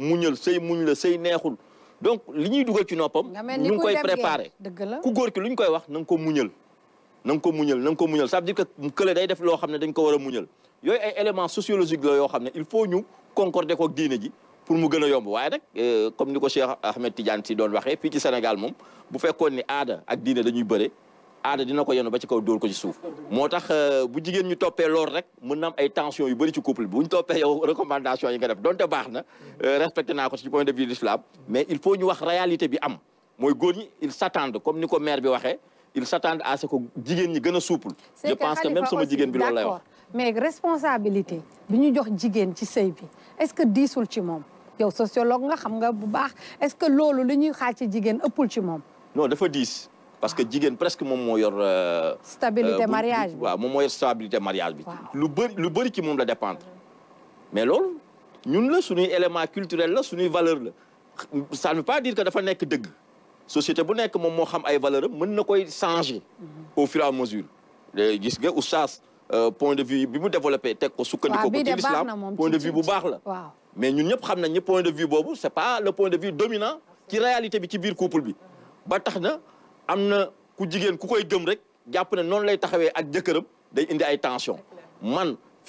muñul sey muñ la sey neexul donc liñuy duggal ci noppam ñu koy préparer ku góor ki luñ koy wax nang ko muñul nang ko muñul nang ko muñul ça veut dire que kële day def lo xam dañ ko wara muñul yoy ay éléments sociologiques la yo xam il faut ñu concorder ko ak diiné ji pour mu gëna yomb waaye nak euh, comme niko Cheikh Ahmed Tidiane ci doon waxé fi ci Sénégal mom bu fekkone ni aada ak diiné dañuy bëré aada dina ko yenu ba ci ko dool ko ci souf motax euh, bu jigen ñu topé lool rek mën na am ay tension yu bari ci couple bi bu ñu toppee yow recommandation yi nga def donte baxna euh, respecté na ko ci point de vue de l'islam mais il faut ñu wax réalité bi am moy goor ñi ils s'attendent comme niko ko maire bi waxé ils s'attendent à ce que jigen ñi gëna souple je pense que même sama jigen bi loolu lay wax mais responsabilité bi ñu jox jigen ci sey bi est-ce que disul ci mom yow sociologue nga xam nga bu baax est-ce que loolu li ñuy xaar ci jigen ëppul ci mom non dafa dis parce que jigéen presque mon mo yor. Euh, stabilité euh, mariage wa mom mo yor stabilité mariage bi. lu bëri lu bëri ki mom la dépendre. mais loolu ñun la suñu élément culturel la suñu valeur la ça ne veut pas dire que dafa nek deug société bu nek mom mo xam ay valeur am na koy changer. au fur et à mesure. gis nga oustaz euh, point de vue bi mu développé tek ko sukkandiku ko ci l'islam point de vue bu bax la. mais ñun ñep xam nañ le point de vue bobu c'est pas le point de vue dominant. ci réalité bi ci bir couple bi ba tax na. am na ku jigéen ku koy gëm rek jàpp ne noonu lay taxawee ak jëkkëram day indi ay tension man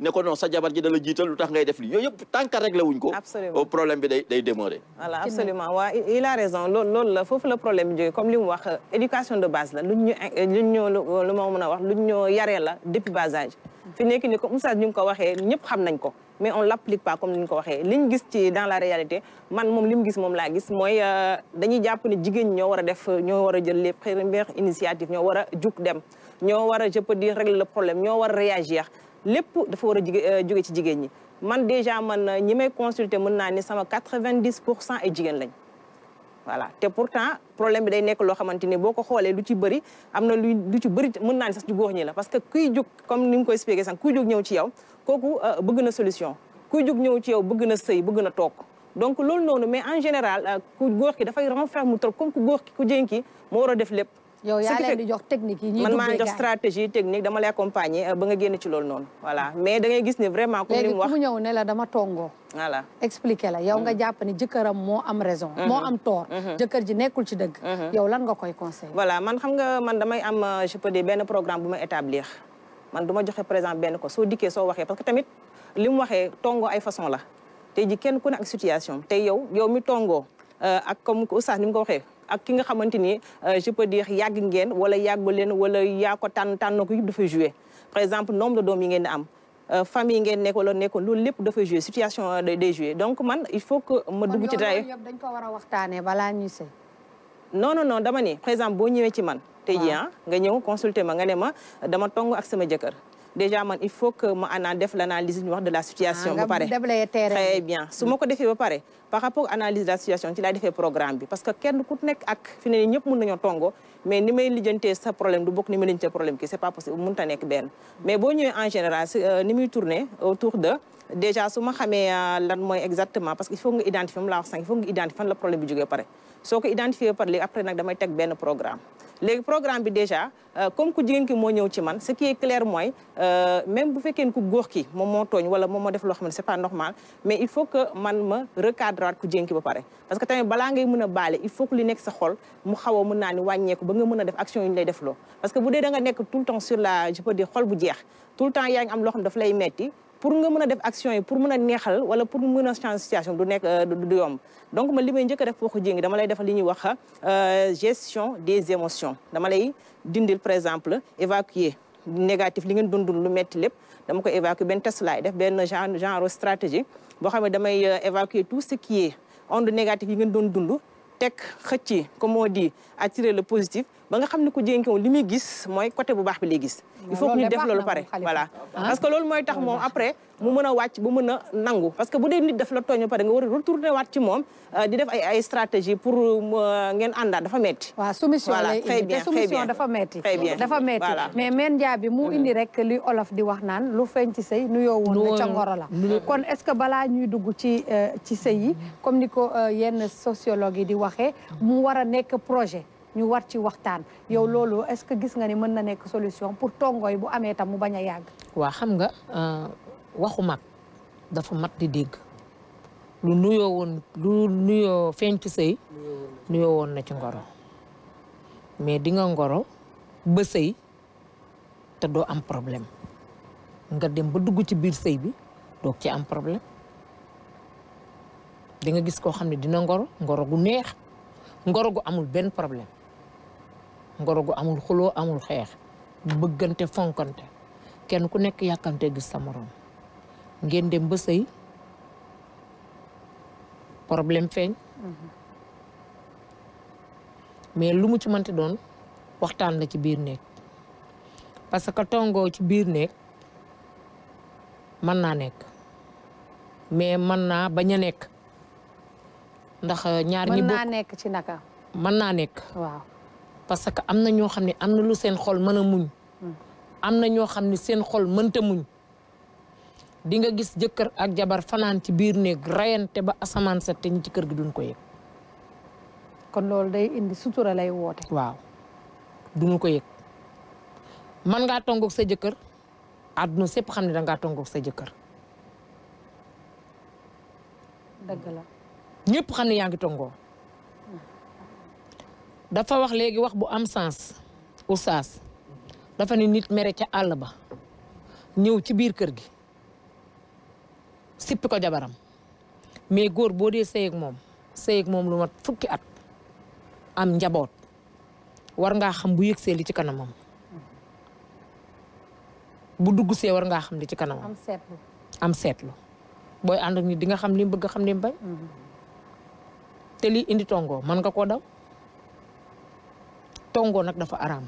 ne ko non sa jabar ji da jital lutax ngay def li yoyep yëpp tant wuñ ko au problème bi day day demeurer voilà absolument wa il a raison lool loolu la fofu le problème bi comme li wax éducation de base la luñ ñu luñ ñoo lu ma mën wax luñ ñoo yaré la depuis bas âge fi nek ni ko oustad ñu ko waxé ñëpp xam nañ ko mais on l'applique pas comme niñ ko waxé liñ gis ci dans la réalité man mom li gis mom la gis moy euh, dañuy japp ni jigéen ñoo wara def ñoo wara jël les premières initiatives ñoo wara juk dem ñoo wara a je peux dire régler le problème ñoo wara réagir lépp dafa war a juge euh, jóge ci jigéen ñi man déjà man euh, ñi may consulter mën naa ni sama quatre vingt 90 pour cent ay jigéen lañ voilà te pourtant problème bi day nekk loo xamante ni boo ko xoolee lu ci bëri am na lu lu ci bëri mën naa ni sax ci góor ñi la parce que kuy jug comme ni nga ko expliqué sax kuy jug ñëw ci yow kooku euh, bëgg na solution kuy jug ñëw ci yow bëgg na sëy bëgg na toog donc loolu noonu mais en général ku góor ki dafay renfermer trop comme ku góor ki ku jigéen ki moo war a def lépp yow yaa leen di jox technique yi man maa jox stratégie technique dama lay accompagner euh, ba nga génn ci loolu noonu voilà mais da gis ne vraiment comme li mu wax ne la dama tongoo voilà expliqué la yow nga mm-hmm. jàpp ne jëkkëram moo am raison mm-hmm. moo am tort mm-hmm. jëkkër ji nekkul ci dëgg yow lan nga koy conseil voilà man xam nga man damay am euh, je benn programme bu ma établir man du joxe par benn ko soo dikkee soo waxee parce que tamit li mu waxee tongoo ay façon la te ji kenn ku ne ak situation tey yow yow mi tongoo euh, ak comme oustaz ni mu ko waxee ak ki nga xamanteni euh, je peux dire yag ngène wala yàggu leen wala yaa ko tànn tànn ko yëpp par exemple nombre de doom yi ngeen am euh, famille ngène nek wala lool lepp lépp dafa jouer situation euh, des jouer donc man il faut que ma dugg ci dara yëpp dañ ko war a non non non dama ni par exemple bo ñëwee ci man tey jii ah, nga ñëw consulter ma nga né ma dama tong ak sama jëkkeur déjà man il faut que ma ana def l'analyse ñu wax de la situation ah, ba pare très bien su mako ko ba pare par rapport à analyse de la situation ci laay défé programme bi parce que kenn ku nek ak fini ne ñëpp mën nañoo tongo mais ni may lijjantee sa problème du bok ni may lijjantee problème ki c'est pas possible mënut a nekk benn mais bo ñëwee en général euh, ni muy tourner autour de déjà su ma xamee euh, lan moy exactement parce que il faut nga identifier mu laa wax sànq il faut nga identifier fan la problème bi jógee pare soko identifier par li après nak damay teg ben programme léegi programme bi déjà euh, comme ku jigéen ki moo ñëw ci man ce qui est clair mooy euh, même bu fekkee ku góor ki moom moo tooñ wala moom moo def loo xam ne c'est pas normal mais il faut que man ma recadrer ku jigéen ki ba pare parce que tamit balaa ngay mën a baale il faut que li nekk sa xol mu xaw a mën naa ni wàññeeku ba nga mën a def action yu ñu lay def loo parce que bu dee da nekk tout le temps sur la je peux dire xol bu jeex tout temps yaa ngi am loo xam daf lay pour nga mën def action yi pour mën neexal wala pour mën changer situation du nek euh, du yom donc ma limay may def foko jéngi dama lay def li ñuy wax euh, gestion des émotions dama lay dindil par exemple évacuer négatif li ngeen dundul lu metti lepp dama ko évacuer ben test lay def ben genre genre stratégie bo xamé damay euh, évacuer tout ce qui est onde négatif yi ngeen doon dund teg xëcc comme on dit attirer le positif ba nga xam ne ko jénki woon li muy gis mooy côté bu baax bi lay gis il faut que ñu def loolu pare voilà ah. parce que loolu mooy tax moom après mu mën a wàcc bu mën a nangu parce que bu dee nit daf la tooñ pare nga war a retourner waat ci moom euh, di def ay ay stratégie pour euh, ngeen àndaat dafa metti waaw soumission lay indi te soumission dafa metti dafa metti mais men jaa bi mu mm-hmm. indi rek li olof di wax naan lu feeñ ci sëy nu yoo woon ca ngoro la kon est-ce que balaa ñuy dugg ci euh, ci sëy yi comme ni ko yenn sociologue yi di waxee mu war a nekk projet ñu war ci waxtaan yow loolu est-ce que gis nga ni mën na nekk solution pour tongooy bu amee tam mu bañ a yàgg. waa xam nga euh, waxu mag dafa mat di dégg lu nuyoo woon lu nuyoo feeñ ci sëy nuyoo woon na ci ngoro mais di nga ngoro ba sëy te doo am problème nga dem ba dugg ci biir sëy bi doo ci am problème di nga gis koo xam ne dina ngoro ngoro gu neex ngoro gu amul benn problème. ngoro gu amul xuloo amul xeex bëggante fonkante kenn ku nekk yàkkante gis sa morom ngeen dem ba sëy problème feeñ mais lu mu ci mënti doon waxtaan la ci biir néeg parce que tongoo ci biir néeg mën naa nekk mais mën naa bañ a nekk ndax ñaar ñi mën naa nekk ci naka mën naa nekk parce que am na ñoo xam ne am na lu seen xol mën a muñ am na ñoo xam ne seen xol mënta muñ di nga gis jëkkër ak jabar fanaan ci biir néeg rayante ba asamaan sa te ñi ci kër gi duñ ko kon loolu day indi sutura lay woote waaw duñu ko yëg man ngaa tongoog sa jëkkër àdduna sépp xam ne dangaa tongoog sa jëkkër dëgg la ñëpp xam ne yaa ngi tongoo dafa wax léegi wax bu am sens oustaz dafa ne nit mere ca àll ba ñëw ci biir kër gi sippi ko jabaram mais góor boo dee sëy ak moom sëy ak moom lu mat fukki at am njaboot war ngaa xam bu yëgsee li ci kanamam bu dugg see war ngaa xam li ci kanamam. am seetlu am seetlu booy ànd ak nit di nga xam li mu bëgg xam li mu bañ. Mm-hmm. te lii indi tongo mën nga koo daw. tongo nak dafa aram,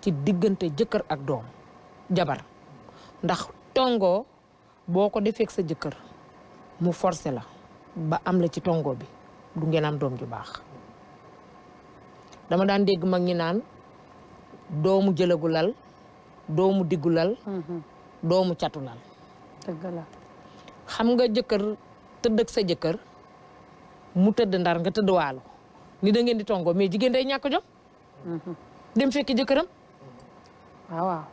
ci digënté jëkër ak doom jabar ndax tongo boko ko defeek sa jëkër mu forcé la ba am la ci tongo bi du ngeen am doom ju bax dama daan dégg mag ñi naan doomu jëlagu lal doomu diggu lal mhm. doomu catu lal deug la xam nga jëkër teud ak sa jëkër mu teud ndar nga teud walu ni da ngeen di tongo mais jigéen day ñak jox dem fekk jëkkëram. waaw ah, waaw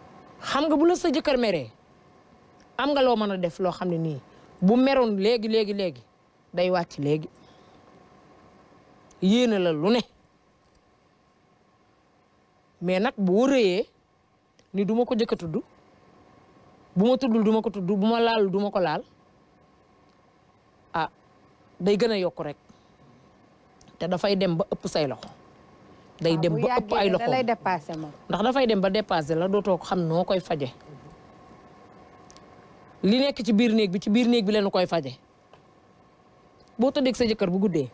xam nga bu la sa jëkkër meree am nga loo mën a def loo xam ne nii bu meroon léegi léegi léegi day wàcc léegi yéene la lu ne mais nag boo rëyee ni duma ko jëkk a tudd bu ma tuddul duma ko tudd bu ma laal duma ko laal a ah, day gën a yokk rek te dafay dem ba ëpp say loxo. day dem ah, ba ëpp ay loxo ndax dafay dem ba dépassé la dootoo ko xam noo koy faje li nekk ci biir néeg bi ci biir néeg bi leen koy faje boo tëddeeg sa jëkkër bu guddee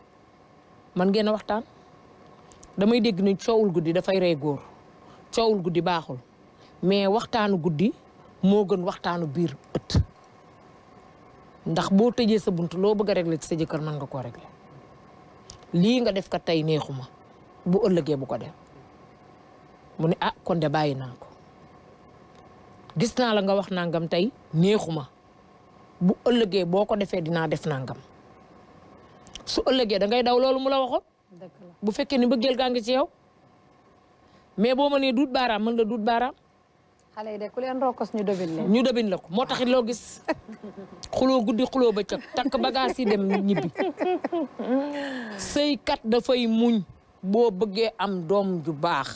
man ngeen a waxtaan damay dégg ni coowul guddi dafay rey góor coowul guddi baaxul mais waxtaanu guddi moo gën waxtaanu biir ëtt ndax boo tëjee sa bunt loo bëgg a régler ci sa jëkkër mën nga koo régler lii nga def ka tey neexuma bu ëllëgee bu ko def mu ne ah kon de bàyyi naa ko gis naa la nga wax nangam tey neexuma bu ëllëgee boo ko defee dinaa def nangam su ëllëgee da ngay daw loolu mu la waxoon. bu fekkee ni mbëggeel gaa ngi ci yow mais boo ma nee duut baaraam mën la duut baaraam. xale yi de ku leen rokkos ñu ñu dobin la ko moo taxit loo gis xuloo guddi xuloo bëccëg takk bagage yi dem ñibbi sëykat dafay muñ. boo bëggee am doom ju baax